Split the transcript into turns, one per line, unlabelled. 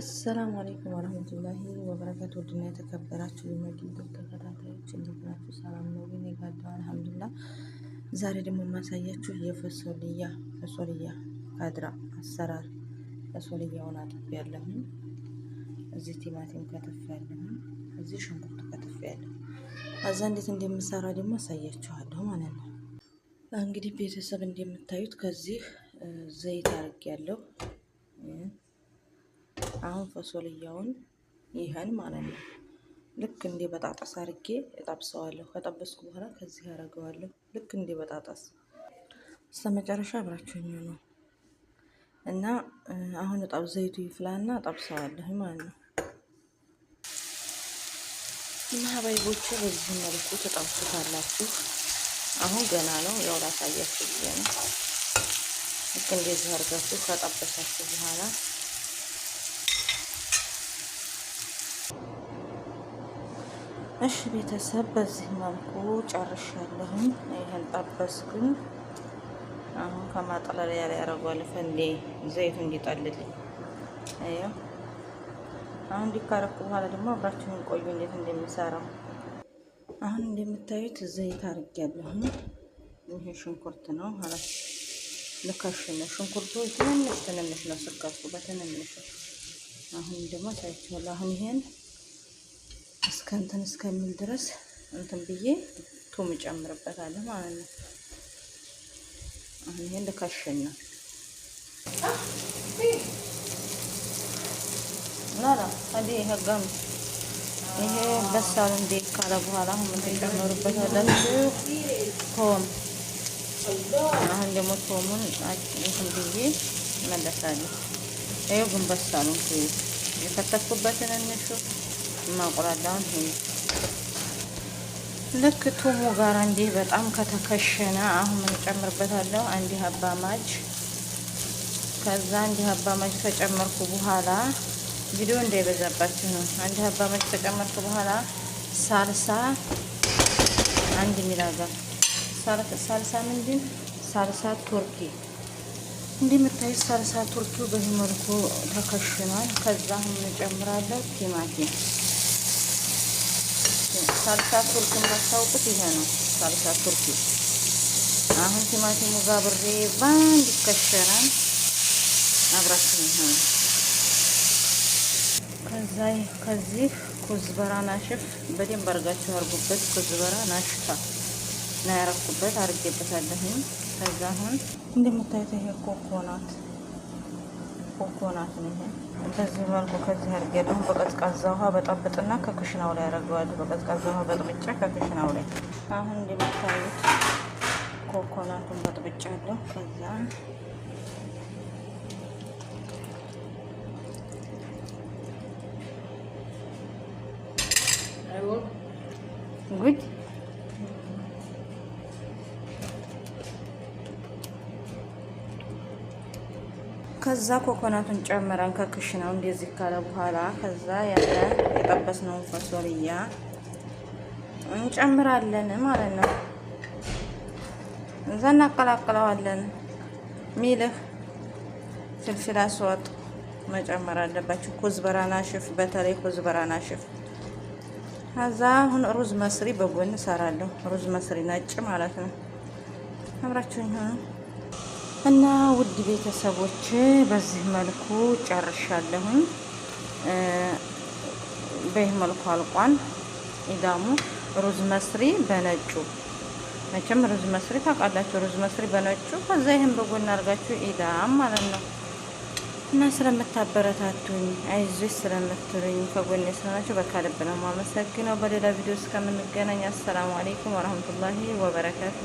አሰላሙ አለይኩም ወረህመቱላሂ ወበረካቱ። ውድና የተከበራችሁ የመግቢያ ተከታታዮች እንዴት ናችሁ? ሰላም ነው? እኔ ጋር ደህና ዛሬ ደግሞ የማሳያችሁ የፈሶልያ ፈሶልያ ካድራ አሰራር ፈሶልያውን አጥቤያለሁ። እዚህ ቲማቲም ከተፌያለሁ። እዚህ ሽንኩርት ከተፌያለሁ። አዛ እንዴት እንደምሰራ ደግሞ አሳያችኋለሁ ማለት ነው። እንግዲህ ቤተሰብ እንደምታዩት ከዚህ ዘይት አርግ ያለው። አሁን ፈሶልያውን ይህን ማለት ነው ልክ እንደ በጣጣስ አርጌ እጠብሰዋለሁ። ከጠበስኩ በኋላ ከዚህ አረገዋለሁ። ልክ እንደ በጣጣስ እስከ መጨረሻ አብራችሁኝ ነው እና አሁን እጣብ ዘይቱ ይፍላና እጠብሰዋለሁ ማለት ነው። እና በዚህ መልኩ ተጠብሱታላችሁ። አሁን ገና ነው፣ ያው ላሳያችሁ ብዬ ነው። ልክ እንደዚህ አርጋችሁ ከጠበሳችሁ በኋላ እሺ ቤተሰብ በዚህ መልኩ ጨርሻለሁም። ይህን ጠበስኩኝ። አሁን ከማጥለያ ላይ ያደርጓል ፈንዴ ዘይቱ እንዲጠልልኝ ይኸው። አሁን እንዲካረኩ በኋላ ደግሞ አብራችሁን ቆዩ እንዴት እንደሚሰራው። አሁን እንደምታዩት ዘይት አድርጊያለሁኝ። ይሄ ሽንኩርት ነው ማለት ልከሽ ነው። ሽንኩርቱ ትንንሽ ትንንሽ ነው ስከቱ በትንንሽ አሁን ደግሞ ሳይችል አሁን ይሄን እስከንትን እስከሚል ድረስ እንትን ብዬ ቱም እጨምርበታለሁ ማለት ነው። አሁን ይሄን ልከሽን ነው ላላ አዲ ሀጋም ይሄ በሳል እንዴ ካለ በኋላ አሁን ምን ትጨምሩበታላችሁ? ቶም አሁን ደግሞ ቶሙን እንትን ብዬ መለሳለሁ። ይኸው ግን በሳሉ የተከተፍኩበትን እንሹ ማቁላላውን ልክ ቱሙ ጋር እንዲህ በጣም ከተከሸነ አሁን ምን ጨምርበታለሁ? አንድ ሀባ ከዛ አንድ ሀባ ማጅ ከጨመርኩ በኋላ ቪዲዮ እንዳይበዛባችሁ ነው። አንድ ሀባ ማጅ ከጨመርኩ በኋላ ሳልሳ አንድ ሚላጋር ሳልሳ ምንድን ሳልሳ ቱርኪ እንደምታይ ሳልሳ ቱርኪው በዚህ መልኩ ተከሽኗል። ከዛ አሁን ጨምራለሁ ቲማቲም ሳልሳ ቱርክ የማስታውቁት ይሄ ነው። ሳልሳ ቱርክ አሁን ቲማቲሙ ጋብሬ ባንድ ይከሸራል። አብራችሁ ይሆነ ከዛ ከዚህ ኩዝበራ ናሽፍ በደንብ አድርጋችሁ አድርጉበት። ኩዝበራ ናሽፋ ና ያረኩበት አድርጌበታለሁኝ። ከዛ አሁን እንደምታዩት ይሄ ኮኮናት ኮኮናት ነው ይሄ። በዚህ መልኩ ከዚህ አድርጌ ደግሞ በቀዝቃዛ ውሃ በጠብጥና ከክሽናው ላይ አደርገዋለሁ። በቀዝቃዛ ውሃ በጥብጫ ከክሽናው ላይ አሁን እንደሚታዩት ኮኮናቱን በጥብጫ አለሁ። ከዛም ጉድ ከዛ ኮኮናቱን ጨምረን ከክሽ ነው እንደዚህ ካለ በኋላ ከዛ ያለ የጠበስነውን ፈሶልያ እንጨምራለን ማለት ነው። እዛ እናቀላቅለዋለን። ሚልህ ፍልፍል አስወጥ መጨመር አለባቸው ኩዝበራና ሽፍ፣ በተለይ ኩዝበራና ሽፍ። ከዛ አሁን ሩዝ መስሪ በጎን እሰራለሁ። ሩዝ መስሪ ነጭ ማለት ነው። አብራችሁኝ ሆኑ። እና ውድ ቤተሰቦች በዚህ መልኩ ጨርሻለሁኝ። በይህ መልኩ አልቋል። ኢዳሙ ሩዝ መስሪ በነጩ መቼም ሩዝ መስሪ ታውቃላችሁ። ሩዝ መስሪ በነጩ ከዛ ይህን በጎን አድርጋችሁ ኢዳም ማለት ነው። እና ስለምታበረታቱኝ አይዞች ስለምትሉኝ ከጎኔ ስለሆናችሁ በካልብ ነው ማመሰግነው። በሌላ ቪዲዮ እስከምንገናኝ አሰላሙ አሌይኩም ወረህመቱላሂ ወበረካቱ።